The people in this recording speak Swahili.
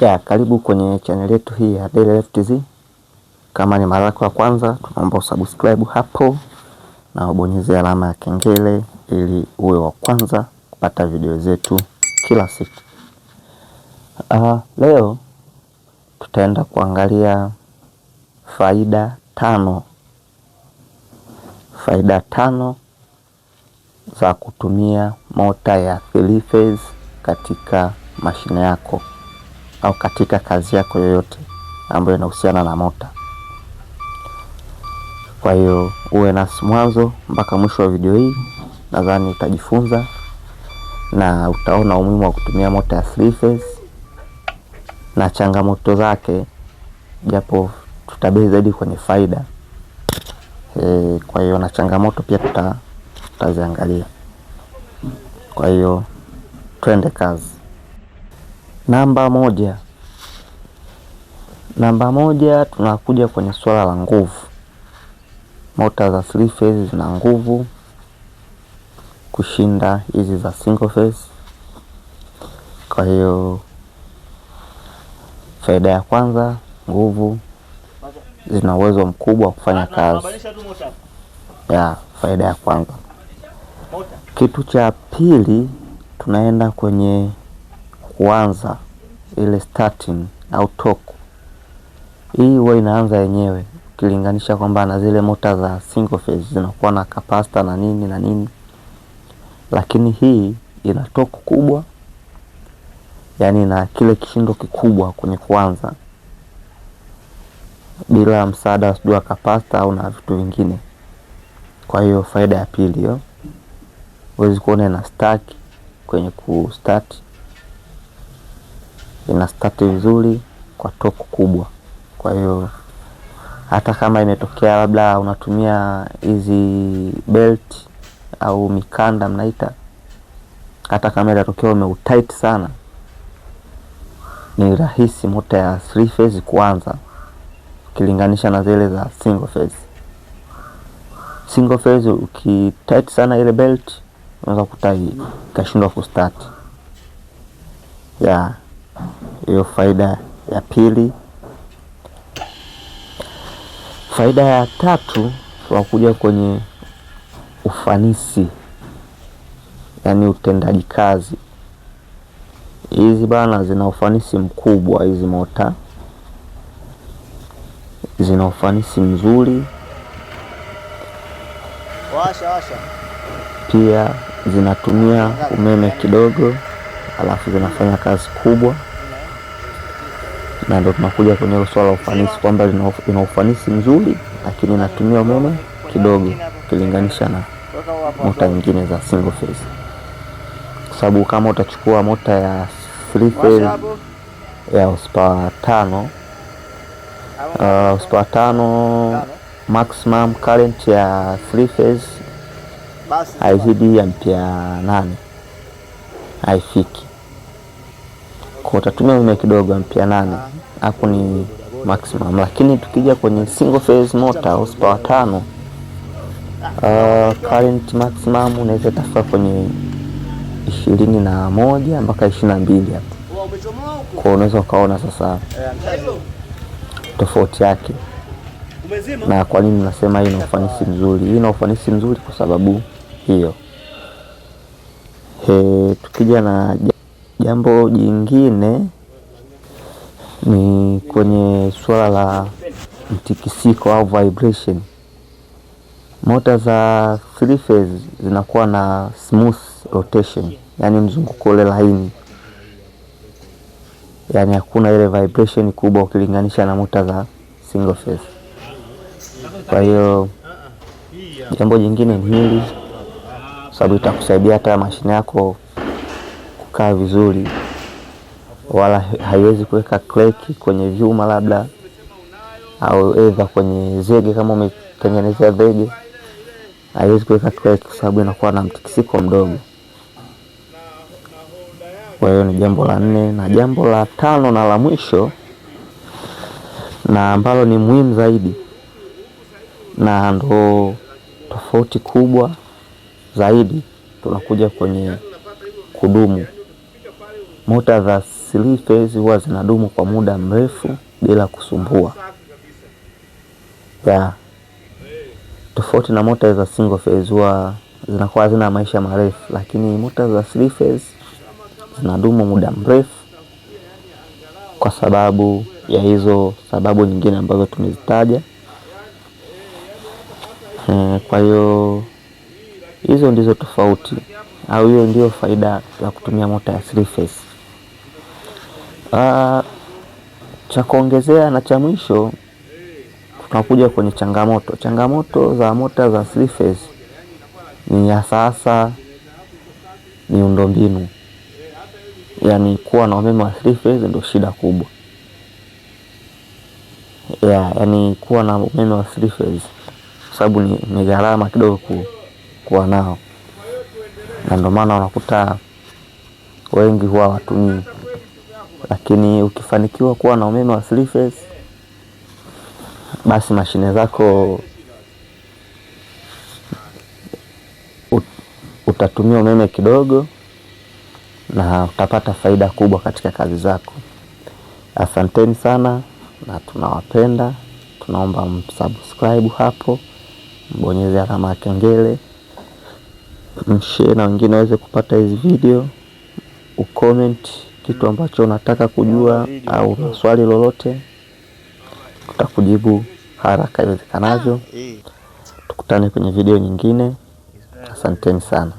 Ya, karibu kwenye channel yetu hii ya Daily Life TZ. Kama ni mara yako ya kwanza, tunaomba usubscribe hapo na ubonyeze alama ya kengele ili uwe wa kwanza kupata video zetu kila siku. Uh, leo tutaenda kuangalia faida tano faida tano za kutumia mota ya three phase katika mashine yako au katika kazi yako yoyote ambayo inahusiana na mota. Kwa hiyo uwe nasi mwanzo mpaka mwisho wa video hii, nadhani utajifunza na utaona umuhimu wa kutumia mota ya three phase na changamoto zake, japo tutabei zaidi kwenye faida e. Kwa hiyo na changamoto pia tutaziangalia. Kwa hiyo twende kazi. Namba moja, namba moja, tunakuja kwenye swala la nguvu. Mota za three phase zina nguvu kushinda hizi za single phase. Kwa hiyo faida ya kwanza, nguvu zina uwezo mkubwa wa kufanya kazi ya faida ya kwanza. Kitu cha pili, tunaenda kwenye kuanza ile starting au talk. hii huwa inaanza yenyewe ukilinganisha kwamba na zile mota za single phase zinakuwa na capacitor na nini na nini, lakini hii ina toku kubwa, yani na kile kishindo kikubwa kwenye kuanza bila msaada sijui wa kapasta au na vitu vingine. Kwa hiyo faida ya pili hiyo, huwezi kuona na stack kwenye kustart ina stati vizuri kwa top kubwa. Kwa hiyo hata kama imetokea labda unatumia hizi belt au mikanda mnaita, hata kama itatokea umeutight sana, ni rahisi mota ya three phase kuanza ukilinganisha na zile za single phase. Single phase tight sana ile belt unaweza kukuta ikashindwa kustart yeah. Hiyo faida ya pili. Faida ya tatu tunakuja kwenye ufanisi, yaani utendaji kazi. Hizi bana zina ufanisi mkubwa, hizi mota zina ufanisi mzuri, washa washa, pia zinatumia umeme kidogo halafu zinafanya kazi kubwa, na ndo tunakuja kwenye swala la ufanisi kwamba ina ufanisi mzuri, lakini inatumia umeme kidogo ukilinganisha na mota nyingine za single phase, kwa sababu kama utachukua mota ya three phase ya horsepower tano horsepower uh, tano maximum current ya three phase haizidi ampia nane haifiki kwa, utatumia umeme kidogo ampia nane hapo ni maximum, lakini tukija kwenye single phase motor au horsepower tano, uh, current maximum unaweza tafika kwenye ishirini na moja mpaka ishirini na mbili hapo kwa, unaweza ukaona sasa tofauti yake na kwa nini nasema hii ina ufanisi mzuri. Hii ina ufanisi mzuri kwa sababu hiyo. E, tukija na jambo jingine ni kwenye suala la mtikisiko au vibration. Mota za three phase zinakuwa na smooth rotation, yaani mzunguko ule laini, yaani hakuna ile vibration kubwa ukilinganisha na mota za single phase. Kwa hiyo jambo jingine ni hili sababu itakusaidia hata mashine yako kukaa vizuri, wala haiwezi kuweka kleki kwenye vyuma labda au edha kwenye zege, kama umetengenezea zege haiwezi kuweka kleki kwa sababu inakuwa na mtikisiko mdogo. Kwa hiyo ni jambo la nne, na jambo la tano na la mwisho na ambalo ni muhimu zaidi na ndo tofauti kubwa zaidi tunakuja kwenye kudumu. Mota za three phase huwa zinadumu kwa muda mrefu bila kusumbua ya tofauti na mota za single phase huwa zinakuwa hazina maisha marefu, lakini mota za three phase zinadumu muda mrefu kwa sababu ya hizo sababu nyingine ambazo tumezitaja. Eh, kwa hiyo Hizo ndizo tofauti au hiyo ndio faida ya kutumia mota ya three phase. Uh, cha kuongezea na cha mwisho tunakuja kwenye changamoto. Changamoto za mota za three phase ni ya sasa miundombinu, yaani kuwa na umeme wa three phase ndio shida kubwa ya yeah, yaani kuwa na umeme wa three phase sababu ni, ni gharama kidogo kuu kuwa nao, na ndio maana unakuta wengi huwa watumii, lakini ukifanikiwa kuwa na umeme wa three phase, basi mashine zako utatumia umeme kidogo na utapata faida kubwa katika kazi zako. Asanteni sana na tunawapenda, tunaomba msubscribe hapo, mbonyeze alama ya kengele mshare na wengine waweze kupata hizi video, ucomment kitu ambacho unataka kujua au swali lolote, tutakujibu haraka iwezekanavyo. Tukutane kwenye video nyingine. Asanteni sana.